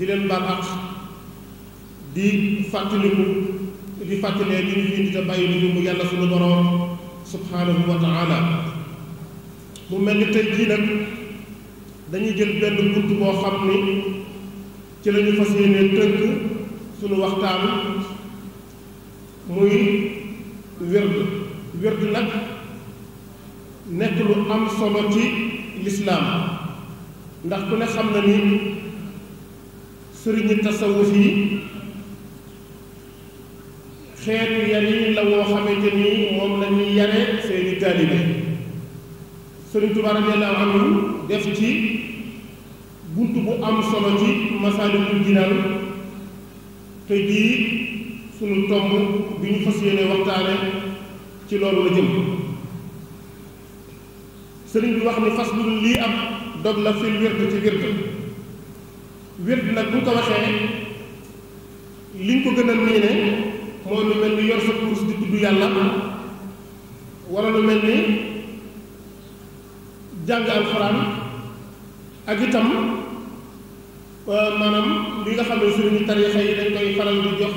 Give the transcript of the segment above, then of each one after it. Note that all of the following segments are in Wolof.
di leen baal àq di fàttaliku di fàttalee li ñu fi indi te bàyyi lu ñu mu yàlla suñu borom subhanahu wa mu mel ni tey jii nag dañuy jël benn bunt boo xam ni ci la ñu fas yéenee tënk suñu waxtaan muy wird wird nag nekk lu am solo ci lislaam ndax ku ne xam na sëriñu tasawuf si xeetu yarin la woo xamante ni moom la ñuy seeni taalibe sëriñ Tuubaa radiyallaahu anhu def ci bunt bu am solo ci Masaalikul Jinaan te jii sunu tomb bi ñu fas yéene waxtaane ci loolu la jëm sëriñ bi wax ni fas lul lii am dog la fil wird ci wird wér bi nag bu ñu ko waxee li ñu ko gën a miine mooy lu mel ni yor sa kurus di tudd yàlla wala lu mel ni jàng alxuraan ak itam euh, maanaam li nga xam ne suñu tariixa yi dañ koy faral di jox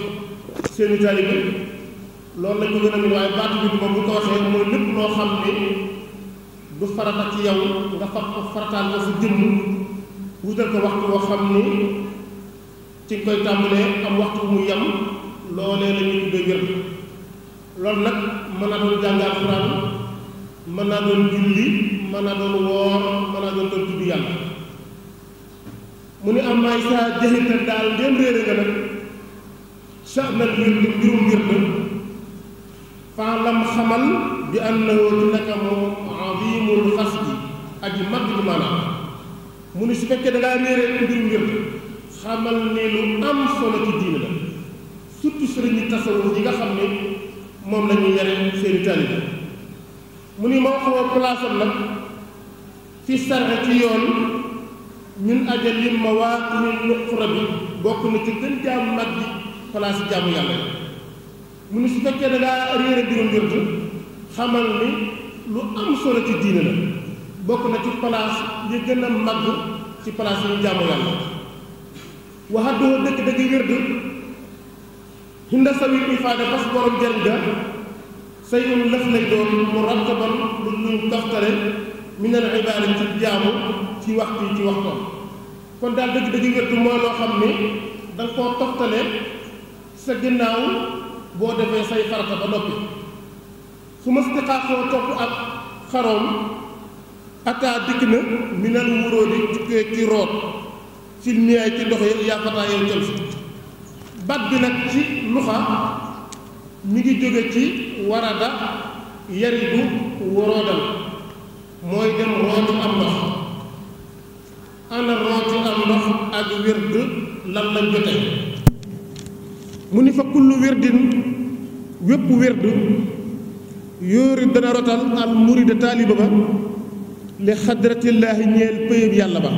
seeni taalibe loolu lañ ko gën a miin waaye baatu bi moom bu ñu ko waxee mooy lépp loo xam ne du farata ci yow nga fab ko farataal ko jëmm wutal ko waxtu boo xam ni ci koy tàmbalee am waxtu mu yam loolee la ñuy tuddee wér loolu nag mën na doon jàng mën naa doon julli mën naa doon woor mën naa doon doon yàlla mu ne am maay saa jaxital daal ndéem réere nga nag sànnal wér di mbirum wér na faalam xamal bi annahu naka moom azimul xas bi aji mag bi maanaam mu ne su fekkee da ngaa réeree mbirum wér xamal ne lu am solo ci diine la surtout sëriñu tasawuf yi nga xam ne moom nañu ñuy yare seeni taalibe mu ne ma waxoo place am nag fi sarxe ci yoon ñun ajal yi ma waa ñu xura bi bokk na ci gën jaam mag bi place jaamu yàlla mu ne su fekkee da ngaa réeree mbirum wér xamal ne lu am solo ci diine la bokk na ci place yi gën a màgg ci place yi jaamu yàlla waxadduhu dëgg dëgg wérd hinda sawil ifaada fas borom jën ga say um lëf lay doon mu rattaban lu ñu doftale min al ibaada ci jaamu ci waxtu ci waxtoon kon daal dëgg dëgg wérd mooy loo xam ni da nga koo toftale sa ginnaaw boo defee say farata ba noppi su ma si xaasoo topp ak xaroom ataa dikk na minal muróodi jukkee ci root filmiyaay ci ndox ya yàppataa yow col bat bi nag ci luxa mi ngi jóge ci warada yaridu waroodal mooy dem rooti am ndox ana rooti am ndox ak wird lan lañ jote mu ni fa kullu wirdin wépp wird yóori dana rotal al murida taaliba ba li xadratillaahi ñeel pëyëb yàlla ba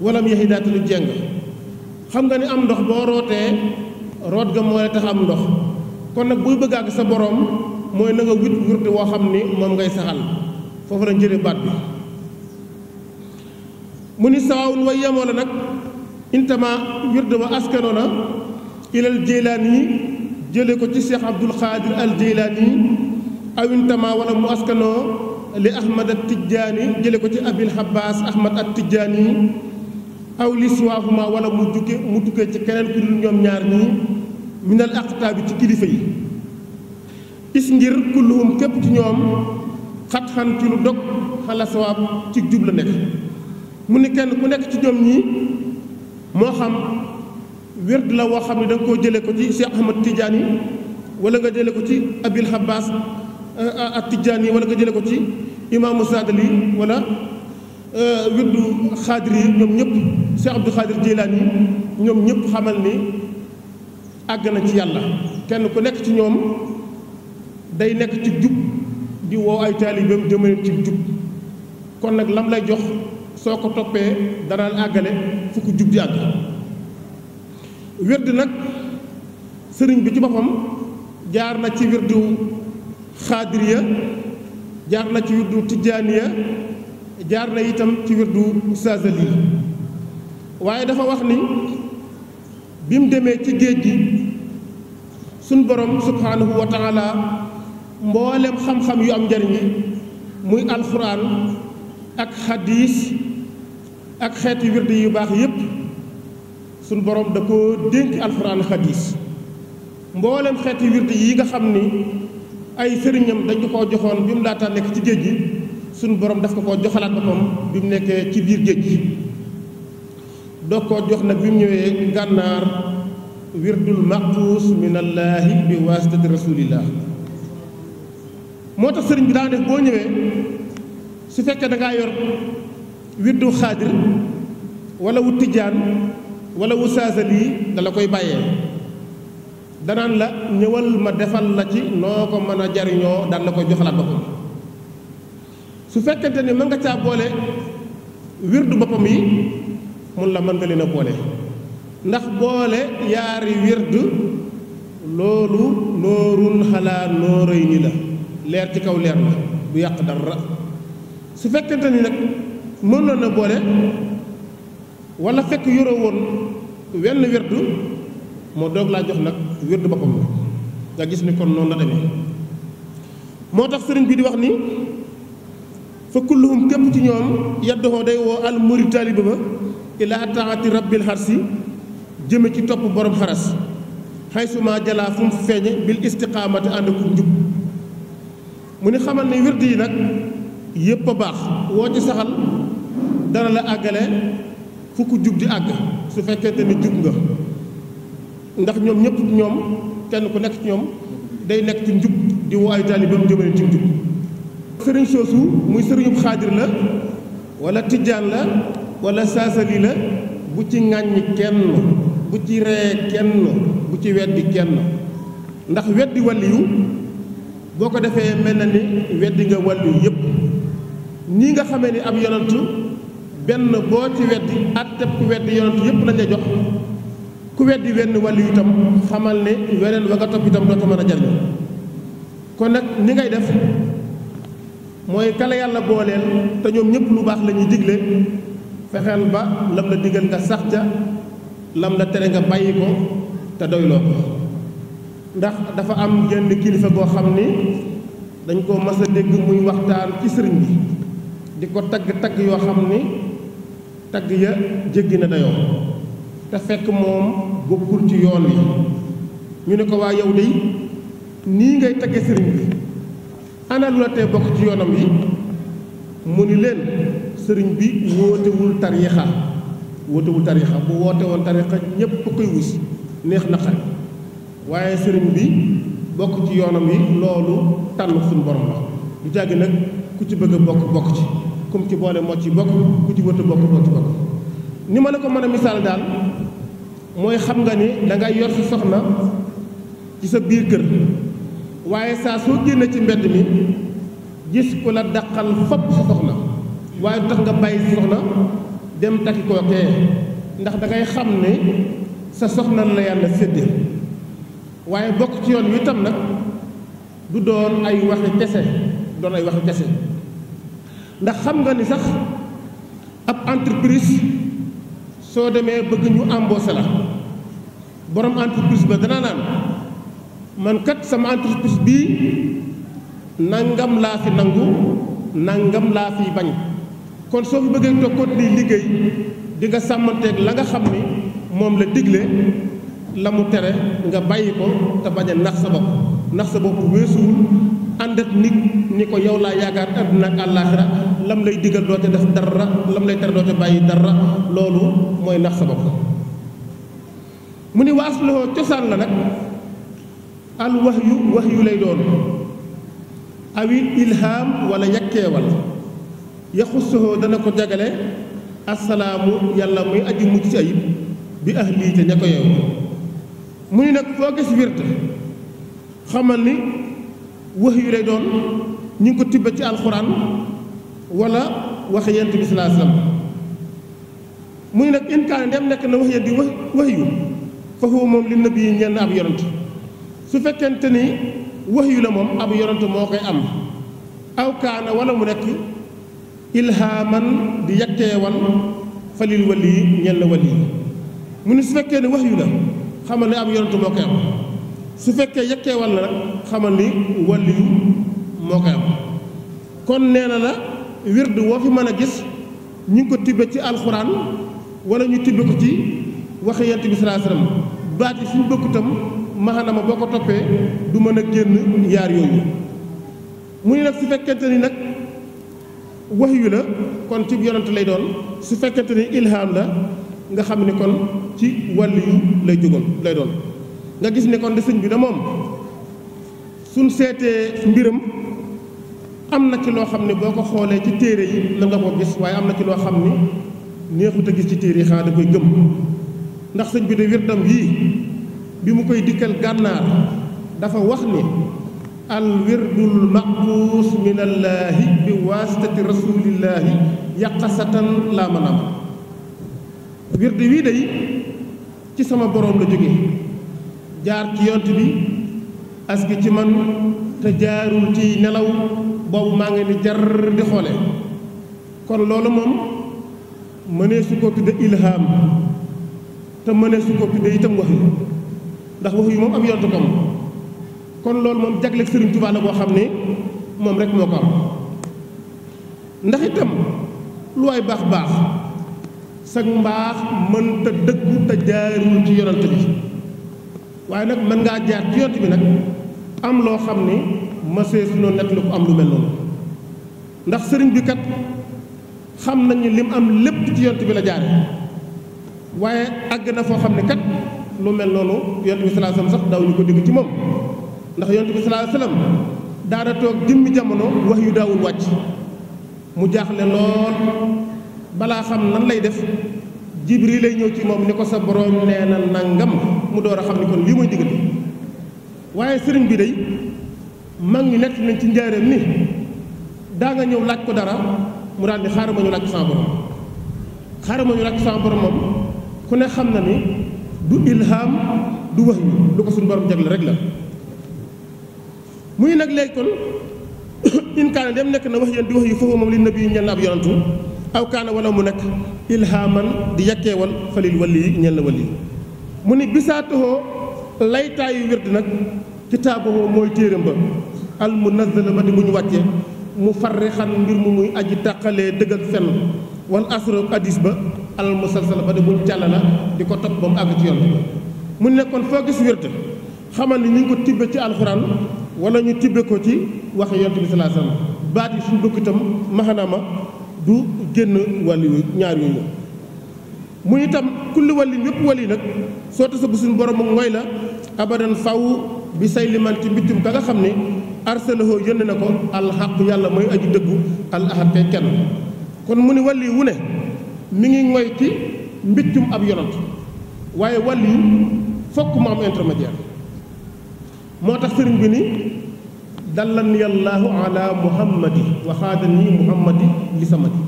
yi yahidaati lu jeng xam nga ni am ndox boo rootee root ga moo lay tax am ndox kon nag booy bëgg ak sa boroom mooy na nga wit wurti woo xam ni moom ngay saxal foofu la jële baat bi mu ni sawaawun wa yemoo la nag intama wird wa askano na ilal jeylaan yi jële ko ci Cheikh Abdul Xaadir al jeylaan yi awintama wala mu askanoo li ahmad at tijjaani jële ko ci abil habbaas ahmad at tijjaani aw li siwaahuma wala mu jukke mu tukkee ci keneen ku dul ñoom ñaar ñii minal aqtaabi ci kilifa yi is ngir kulluhum képp ci ñoom xat-xan ci lu dog xala sawaab ci jub la nekk mu ni kenn ku nekk ci ñoom ñii moo xam wird la woo xam ne da nga koo jële ko ci Cheikh Ahmad Tidiane wala nga jële ko ci abil habbaas at yi wala nga jëlee ko ci imaamu Saadali wala euh, wirdu xaadir yi ñoom ñëpp Cheikh Abdou Xaadir Jilaani yi ñoom ñëpp xamal ni àgg na ci yàlla kenn ku nekk ci ñoom day nekk ci jub di woo ay taalibeem jëmale ci jub kon nag lam lay jox soo ko toppee danaan àggale fukk jub di àgg wird nag sëriñ bi ci boppam jaar na ci wirdu xaadiriya jaar na ci wirdu tijjaaniya jaar na itam ci wirdu saazali waaye dafa wax ni bi mu demee ci géej gi suñ borom subhaanahu wa taala mboolem xam-xam yu am njariñ yi muy alxuraan ak xadiis ak xeeti wirdu yu baax yépp suñ boroom da ko dénk alxuraan xadiis mboolem xeeti wirdu yi nga xam ni ay sëriñam dañu koo joxoon bi mu laataa nekk ci géej suñu borom daf ko koo joxalaat boppam bi mu nekkee ci biir géej gi doo koo jox nag bi mu ñëwee gànnaar wirdul maquus minallaahi bi waasitati rasulillah moo tax sëriñ bi daa def boo ñëwee su fekkee da ngaa yor wirdu xaadir wala wu tijaan wala wu saasali da la koy bàyyee danaan la ñëwal ma defal la ci noo ko mën a jariñoo daan la koy joxalaat boppam su fekkente ni mën nga caa boole wirdu boppam yi mun la mënta nga leen a boole ndax boole yaari wirdu loolu noorun xalaa nooray ni la leer ci kaw leer la bu yàq dara su fekkente ni nag mënoon na boole wala fekk yoro woon wenn wirdu moo doog laa jox nag wérdu boppam la nga gis ni kon noonu la moo tax sëriñ bii di wax ni fa kulluhum képp ci ñoom yaddoxoo day woo al muri taaliba ba ilaa taati rabbil xarsi jëme ci topp borom xaras xaysuma jalaa fu mu feeñe bil istiqaamati ànd ak njub mu ni xamal ne wérd yi nag yépp a baax woo ci saxal dana la àggale fu ko jub di àgg su fekkente ni jub nga ndax ñoom ñëpp ñoom kenn ku nekk ci ñoom day nekk ci njub di woo ay taalibeem jëmale ci njub sëriñ soosu muy sëriñub xaadir la wala tijjaan la wala saasali la bu ci ŋàññi kenn bu ci reyee kenn bu ci weddi kenn ndax weddi wàlliyu boo ko defee mel na ni weddi nga wàlliyu yépp nii nga xamee ni ab yonantu benn boo ci weddi àtteb ku weddi yonantu yépp lañ jox ku weddi wenn wàllu itam xamal ne weneen wa nga topp itam doo ko mën a jariñ kon nag ni ngay def mooy kala yàlla booleel te ñoom ñëpp lu baax la ñuy digle fexeel ba lam la digal nga sax ja lam la tere nga bàyyi ko te doyloo ko ndax dafa am genn kilifa boo xam ni dañ koo mas a dégg muy waxtaan ci sëriñ bi di ko tagg tagg yoo xam ni tagg ya jéggi na dayoo te fekk moom bokkul ci yoon wi ñu ne ko waa yow de nii ngay tagge sëriñ bi ana bokk ci yoonam yi mu ni leen sëriñ bi wóotewul tariixa wóotewul tariixa bu woote woon tariixa ñépp koy wus neex na waaye sëriñ bi bokk ci yoonam yi loolu tànn suñu borom la du jàggi nag ku ci bëgg a bokk bokk ci comme ci boole moo ci bokk ku ci wëtt bokk bokk ci bokk ni ma la ko mën misaal daal mooy xam nga ni da yor sa soxna ci sa biir kër waaye saa soo génn ci mbedd mi gis ku la dàqal fopp sa soxna waaye du tax nga bàyyi sa soxna dem takki kookee ndax dangay xam ne sa soxna la yàlla sédde waaye bokk ci yoon wi itam nag du doon ay waxi kese doon ay waxi kese ndax xam nga ni sax ab entreprise soo demee bëgg ñu embauché la borom entreprise ba dana naan man kat sama entreprise bii nangam laa fi nangu nangam laa fi bañ kon soo fi bëggee toog continuer liggéey di nga sàmmanteeg la nga xam ni moom la digle la mu tere nga bàyyi ko te bañ nax sa bopp nax sa bopp weesuwul ànd ak nit ni ko yow laa yaakaar àdduna ak àllaaxira lam lay digal doote def dara lam lay tere doote bàyyi dara loolu mooy nax sa bopp mu ni waas loxo cosaan la nag al wax yu wax yu lay doon awi ilham wala yakkeewal yaxusuhoo dana ko jagale assalaamu yàlla muy aji mucc ci ayib bi ahli te ña ko yeewu mu ni nag foo gis wird xamal ni wax yu lay doon ñu ngi ko tibbe ci alxuraan wala wax yent bi salaa salaam mu ne nag in kaane ndem nekk na wax yent bi wax wax yu fa huwa moom li nabi yi ñenn ab yonent su fekkente ni wax yu la moom ab yonent moo koy am aw kaana wala mu nekk ilhaaman di yetteewal falil wali ñenn wali mu ne su fekkee ne wax yu la xamal ne ab yonent moo koy am su fekkee yëkkee wàll nag xamal ni wàllu yu moo koy am kon nee na la wird woo fi mën a gis ñu ngi ko tibbe ci alxuraan wala ñu tibbe ko ci waxi yent bi sallallahu alayhi wasallam baat yi suñ bëgg itam maxanama boo ko toppee du mën a génn yaar yooyu mu ni nag su fekkente ni nag wax yu la kon ci yonent lay doon su fekkente ni ilham la nga xam ni kon ci wàllu yu lay jógoon lay doon nga gis ne kon de sëñ bi de moom suñ seetee mbiram am na ci loo xam ne boo ko xoolee ci téere yi la ko gis waaye am na ci loo xam ni neexut a gis ci téere yi xanaa da koy gëm ndax sëñ bi de wirdam yii bi mu koy dikkal gànnaar dafa wax ni al wirdul maqbuus minallaahi bi waasitati rasuulillaahi yaqasatan laa manaam wird wii day ci sama boroom la jóge jaar ci yont bi aski ci man te jaarul ci nelaw boobu maa ngi ni jar di xoole kon loolu moom mënee su ko tudde ilham te mënee su ko tudde itam wax yi ndax wax yi moom am yont kom kon loolu moom jagleeg Sëriñ Tuubaa boo xam ne moom rek moo ko am ndax itam lu waay baax baax sag mbaax mënta dëggu te jaarul ci yonant bi waaye nag mën ngaa jaar ci yont bi nag am loo xam ni mësee sunoo nekk lu ko am lu mel noonu ndax sëriñ bi kat xam nañu lim am lépp ci yont bi la jaare waaye àgg na foo xam ne kat lu mel noonu yont bi salaa sax daw ko dégg ci moom ndax yont bi daana toog jëmmi jamono wax yu daawul wàcc mu jaaxle lool balaa xam nan lay def jibril lay ñëw ci moom ni ko sa borom nee na nangam mu door a xam ni kon lii mooy digal waaye sëriñ bi day mag ñi nekk nañ ci njaareem ni daa nga ñëw laaj ko dara mu daal di xaaral ma ñu laaj ko sama borom xaaral ma ñu moom ku ne xam na ni du ilham du wax yi lu ko suñu borom jagle rek la muy nag léegi kon in dem nekk na wax yéen di wax yi foofu moom li nabi ñel na ab yonantu aw kaana wala mu nekk ilhaman di yakkeewal falil walli ñel na walli mu ne ni bisaatuhoo laytaayu wird nag kitaabuhoo mooy téeram ba al munazzala ba di mu ñu wàccee mu farrixan ngir mu muy aji tàqalee dëgg ak wan wal asro ba al musalsala ba di buñ càlla la di ko topp ba mu àgg ci yoon mu nekkoon foo gis wird xamal ni ñu ko tibbe ci alxuraan wala ñu tibbe ko ci wax yonent bi sallallahu alayhi wasallam baat yi suñu bokk itam maxanaama du génn wàll yu ñaar mu tam kulli wàllin yëpp wàlli nag soo tasa bu suñu borom ak mooy la abadan faw bi say liman ci mbittum xam ne arsalahoo yónne na ko alxaq yàlla mooy aju dëggu al kenn kon mu ni wàlli ne mi ngi ngoy ci mbittum ab yonant waaye wàlli fokk mu am intermédiaire moo tax sëriñ bi ni dallan yallaahu ala muhammadi waxaada nii muhammadi li samadi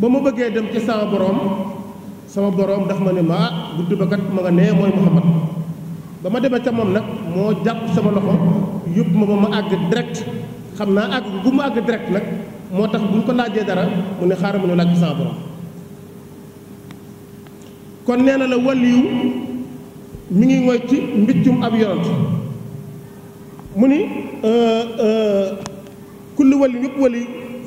ba ma bëggee dem ci sama borom sama boroom daf ma ne maa gudd ba kat ma nga nee mooy Muhammad ba ma demee ca moom nag moo jàpp sama loxo yóbbu ma ba ma àgg direct xam naa àgg bu ma àgg direct nag moo tax bu ñu ko laajee dara mu ne xaar mu ñu laaj sama borom kon nee na la waliyu mu ngi ngoy ci mbiccum ab yonant mu ni euh, euh, kullu wali yëpp wali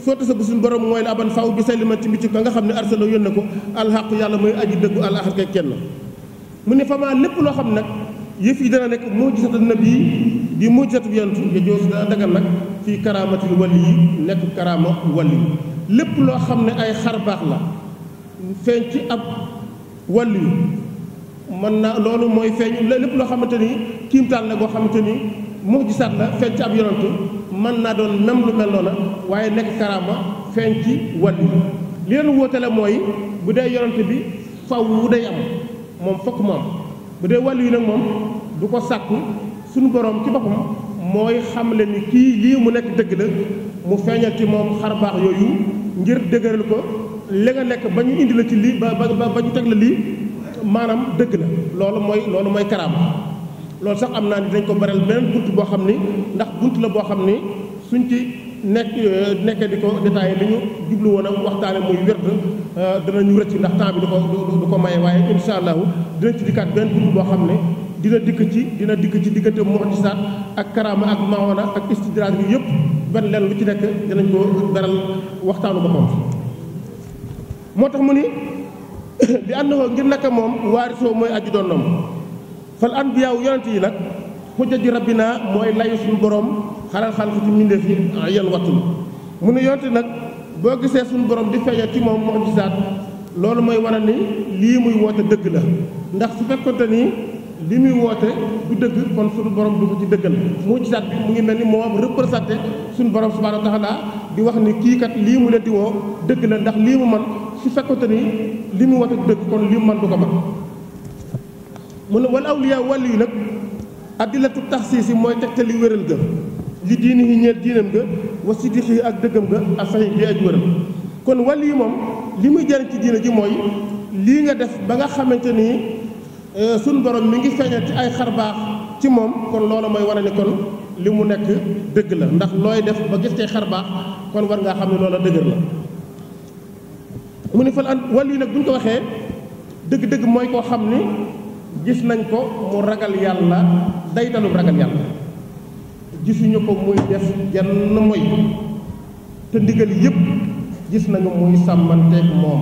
sotti sa bu suñu borom mooy la aban faw bi sayliman ci mbiccu ka nga xam ne arsala yónne ko alxaqu yàlla mooy aji dëggu al kenn mu ne famaa lépp loo xam nag yëf yi dana nekk moo gisatu nabi di moo gisatu yentu ya joosu dana dagal nag fii karaamatil wali yi nekk karaama wali lépp loo xam ne ay xar baax la feeñ ci ab wali mën na loolu mooy feeñ lépp loo xamante ni kiimtaan la goo xamante ni saat la feeñ ci ab yonantu mën naa doon même lu mel noona waaye nekk karaama feeñ ci wàllu li leen wóotale mooy bu dee yonantu bi faw wu day am moom fokk mu am bu dee wàllu yi nag moom du ko sàkku suñu boroom ci boppam mooy xamle ni kii lii mu nekk dëgg la mu feeñal ci moom xar baax yooyu ngir dëgëral ko li nga nekk ba ñu indi la ci lii ba ba ba ñu teg la lii maanaam dëgg la loolu mooy loolu mooy karaama loolu sax am naa ni dañ ko baral beneen bunt boo xam ni ndax bunt la boo xam ni suñ ci nekk euh, nekkee di ko détaillé li ñu jublu woon a waxtaane muy wérd euh, danañu rëcc ndax temps bi du ko du ko maye waaye insha allahu dinañ ci dikkaat beneen bunt boo xam ne dina dikk ci dina dikk ci diggante mu'jisaat ak karaama ak mawana ak istidraaj bi yëpp benn leen lu ci nekk dinañ ko baral waxtaanu boppam moo tax mu ni li ànd na ngir naka moom waarisoo mooy aju doon noom fal anbiyaaw yonent yi nag xujjati rabbina mooy layu suñu borom xalal xalal ko ci mbindeef yi ah, yan wattul mu ne yonent nag boo gisee suñu borom di feeñal ci moom mujisaat loolu mooy wane ni lii muy woote dëgg la ndax su fekkonte ni li muy woote du dëgg kon suñu borom du ko ci dëggal mujisaat bi mu ngi mel ni moom représenté suñu borom subhaanahu wa taala di wax ni kii kat lii mu leen di dëgg la ndax lii mu man su fekkonte ni li mu woote dëgg kon lii mu man du ko man mu ne wal awliya wàllu yu nag addilatu taxsiis yi mooy tegtali wéral ga li diini yi ñeel diinam ga wa sidix yi ak dëggam ga ak saxiix bi ak wéram kon wàllu yi moom li muy jariñ ci diina ji mooy lii nga def ba nga xamante nii euh, suñ borom mi ngi feeñal ci ay xarbaax ci moom kon loola mooy wane ni li mu nekk dëgg la ndax looy def ba gis xar baax kon war ngaa xam ne loola dëgër la mu ne fal an yi nag buñ ko waxee dëgg-dëgg mooy koo xam ni gis nañ ko mu ragal yàlla day dalul ragal yàlla gisuñu ko muy def genn moy te ndigal yépp gis nañu muy sàmmanteeg moom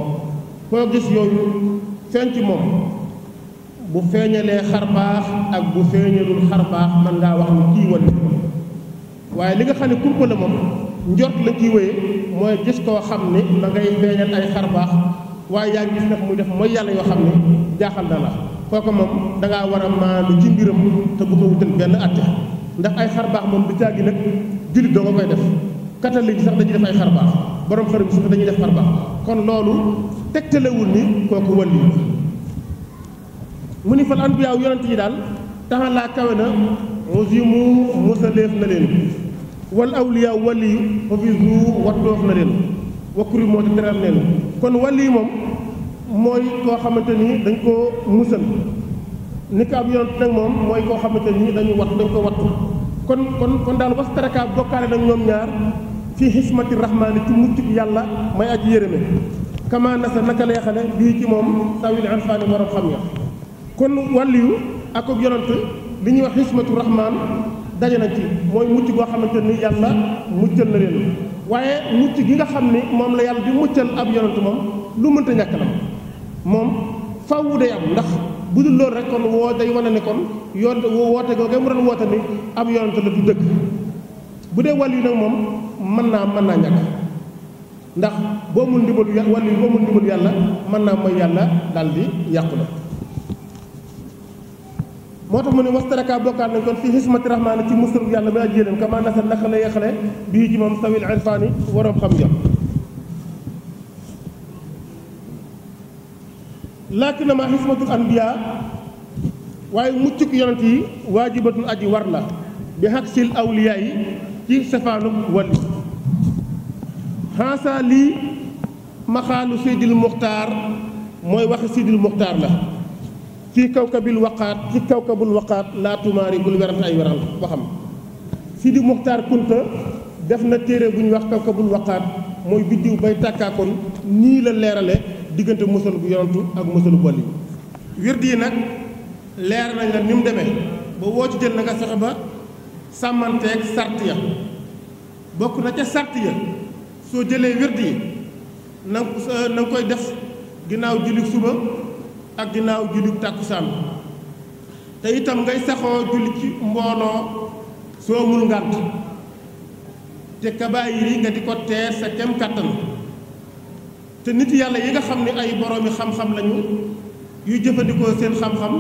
koo gis yooyu feeñ ci moom bu feeñalee xar baax ak bu feeñalul xar baax mën ngaa wax ni kii wàllu li nga xam ne kumpa la moom njort mooy gis koo xam ni ma ngay feeñal ay xar baax waaye yaa ngi gis nag muy def mooy yàlla yoo xam ne jaaxal na la kooku moom da war a maandu ci biram te bu ko wutal benn atte ndax ay xar baax moom du caagi nag jullit doo nga koy def catholique sax dañuy def ay xar baax borom xarum sax dañuy def xar baax kon loolu tegtalewul ni kooku wàllu mu ni fal anbiyaaw yonent yi daal taxa laa kawe na musimu mosaleef na leen wal awliyaaw wàlli yu xafisu wattoof na leen wakkuri moo te teral leen kon wàlli moom mooy koo xamante ni dañ koo musal ni ko ab yonent nag moom mooy koo xamante ni dañu wat dañ koo wattu kon kon kon daal wastarakaab bokkaale nag ñoom ñaar fii xismati rahmaani ci muccug yàlla may aji yërëme kama nasa naka leexale bii ci moom tawil anfaani waram xam ya kon wàlliyu ak ak yonent li ñuy wax xismatu daje nañ ci mooy mucc goo xamante ni yàlla muccal na leen waaye mucc gi nga xam ni moom la yàlla di muccal ab yonent moom lu mënta ñàkk la moom faaw day am ndax bu dul loolu rek kon woo day wane ne kon yoon woote googee mu doon woote ni am yoonante la du dëgg bu dee wàll yu nag moom mën naa mën naa ñàkk ndax boo mu ndimbalu yà wàll yu boo mul yàlla mën naa mooy yàlla dal di yàqu la moo tax mu ne wastaraka bokkaat nañ kon fii xismati rahmaani ci musul yàlla mi naa yéenéen kamaa nasal naka la yeexale bii ci moom sawil irfaani waroom xam yam laakin ma xismatul anbiya waaye muccuk yonent yi waajibatun aji war la bi xaq sil awliya yi ci safaanuk wàlli xansa lii maxaalu seydil muxtaar mooy waxi seydil muxtaar la fii kawkabil waqaat ci kawkabul waqaat laa tumaari bul werante ay weral waxam sidi muxtaar kunta def na téere bu ñuy wax kawkabul waqaat mooy biddiw bay tàkkaakoon nii la leerale diggante musalu bu yonantu ak musalu bu wàlli wird yi nag leer nañ la ni mu demee ba woo ci jël na nga fexe ba sàmmanteeg sart ya bokk na ca sart ya soo jëlee wird yi na koy def ginnaaw julli suba ak ginnaaw julli tàkkusaan te itam ngay saxoo julli ci mbooloo soo amul ngànt te kabaayir yi nga di ko teer sa kem kàttan te nit yàlla yi nga xam ne ay boroomi xam-xam lañu yu jëfandikoo seen xam-xam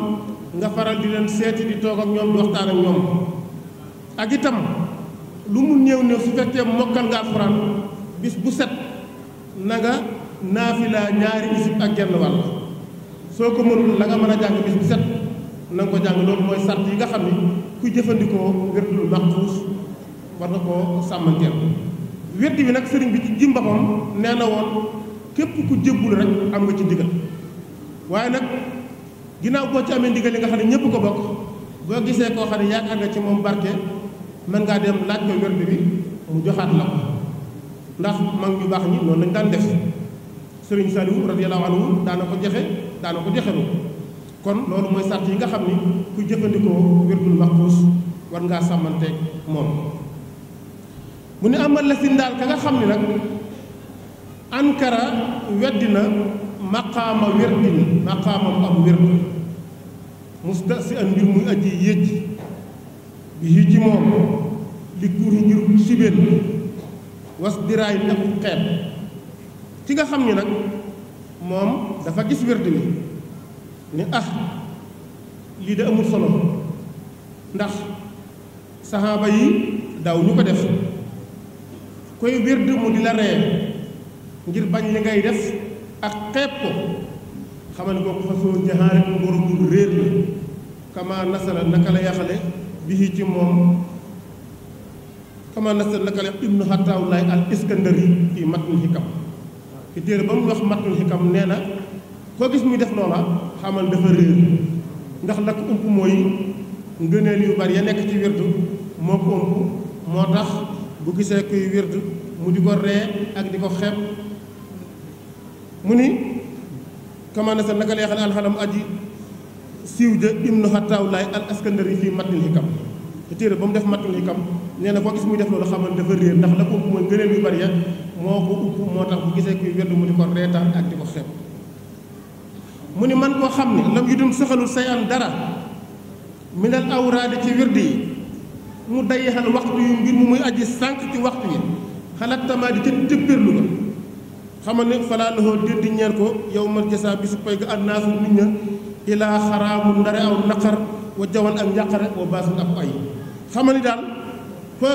nga faral di leen seeti di toog ak ñoom di waxtaan ak ñoom ak itam lu mu néew néew su fekkee mokkal nga alxuraan bis bu set na nga naafila ñaari isib ak genn wàll soo ko mënul la nga mën a jàng bis bu set na ko jàng loolu mooy sart yi nga xam ni ku jëfandikoo wérdul maxfuus war na koo sàmmanteel wedd bi nag sëriñ bi ci jim boppam nee na woon képp ku jébbul rek am nga ci ndigal waaye nag ginnaaw boo ci amee ndigal yi nga xam ne ñëpp ko bokk boo gisee koo xam ne yaakaar nga ci moom barke mën ngaa dem laaj ko werdu bi joxaat la ndax mag ñu baax ñi noonu lañ daan def sëriñ Saliou radiyallahu anhu daana ko joxe daana ko joxelu kon loolu mooy sart yi nga xam ne ku jëfandikoo wérdul maxfuus war ngaa sàmmanteeg moom mu ne amal la si ndaal ka nga xam ni nag ankara weddi na maqaama wirdin maqaamam am wird musta si an mbir muy aji yéej bi yi moom li kuur yi jur sibeen was diraay ak xeet ki nga xam ni nag moom dafa gis wird mi ni ah lii de amul solo ndax saxaaba yi daw ñu ko def koy wird mu di la ree ngir bañ li ngay def ak xeeb ko xamal ne boobu façon jahaale mboromul réer la kama nasala naka la yàqale bi ci moom kama nasala naka la ibnu xataawulaay al iskandari fii matnul xikam ci téere ba mu wax matnul xikam nee na koo gis muy def loola xamal dafa réer ndax la ko mooy ngëneel yu bari ya nekk ci wirdu moo ko ëmp moo tax bu gisee kuy wirdu mu di ko ree ak di ko xeeb mu ni kamaana sa naka lay xale alxalam aji siiw ja ibnu xattaaw laay al yi fii matnil xikam te téere ba mu def matnil xikam nee na koo gis muy def loolu xamal dafa réer ndax la ko upp mooy ngëneel yu bari ya moo ko upp moo tax bu gisee kuy wedd mu di ko reetaan ak di ko xeeb mu ni man koo xam ne lam yu dum soxalul say am dara minal awraade ci wird yi mu dayaxal waxtu yu ngir mu muy aji sànq ci waxtu yi xalaat tamaa di te tëbbirlu ko xamal ne falaa loxoo déddi ñeel ko yow mal jasaa bi su pay ga annaasu nit ña ilaa xaraamu ndare aw naqar wa jawan ak njàqare wa baasun ak ay xamal ni daal koo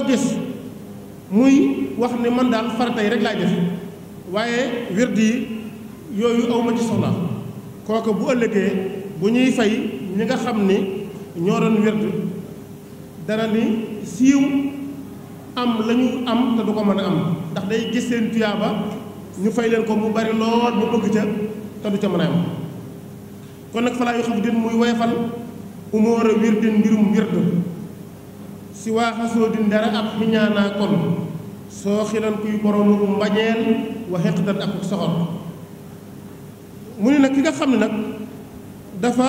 muy wax ne man daal farata rek laay def waaye wird yi yooyu awma ci soxla kooku bu ëllëgee bu ñuy fay ñi nga xam ni ñoo doon wird dara ni siiw am la am te du ko mën a am ndax day gis seen tuyaaba ñu fay leen ko mu bari lool ba bëgg ca te du ca mën a am kon nag falaa yu xaf din muy woyfal umoor a wir din mbirum wird si waa xasoo din dara kon soo xilan kuy boroomu mbañeel wa xeqdat ak soxor mu ni nag ki nga xam ne nag dafa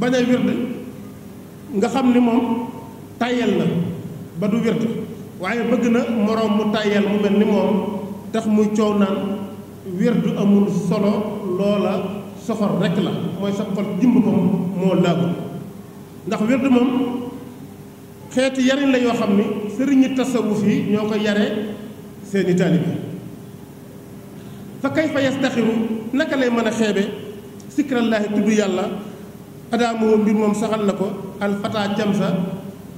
bañ a nga xam ni moom tàyyel na ba du wird waaye bëgg na moroom mu tàyyel mu mel ni moom tax muy coow naan werdu amul solo loola soxor rekk la mooy sa xol jumb ko moo laabul ndax werdu moom xeeti yarin la yoo xam ni sëriñi tasawuf yi ñoo ko yare seeni taalibe fa kay fa yastaxiru naka lay mën a xeebe sikrallaahi tudd yàlla adaamoo mbir moom saxal na ko alfataa camsa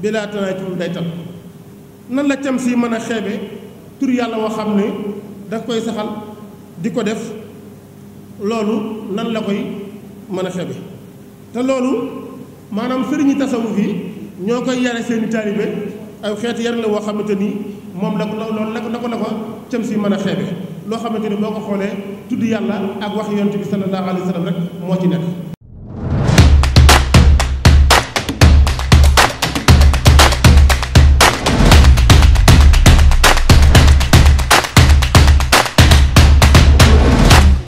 bilaa tanaatul day tal nan la cam si mën a xeebe tur yàlla woo xam ne da koy saxal di ko def loolu nan la koy mën a febe te loolu maanaam sëriñi tasawuf yi ñoo koy yare seeni taalibe ay xeeti yar la woo xamante ni moom la ko loolu la ko la ko la ko cëm si mën a xeebe loo xamante ni boo ko xoolee tudd yàlla ak wax yonent bi sallallahu alayhi wa rek moo ci nekk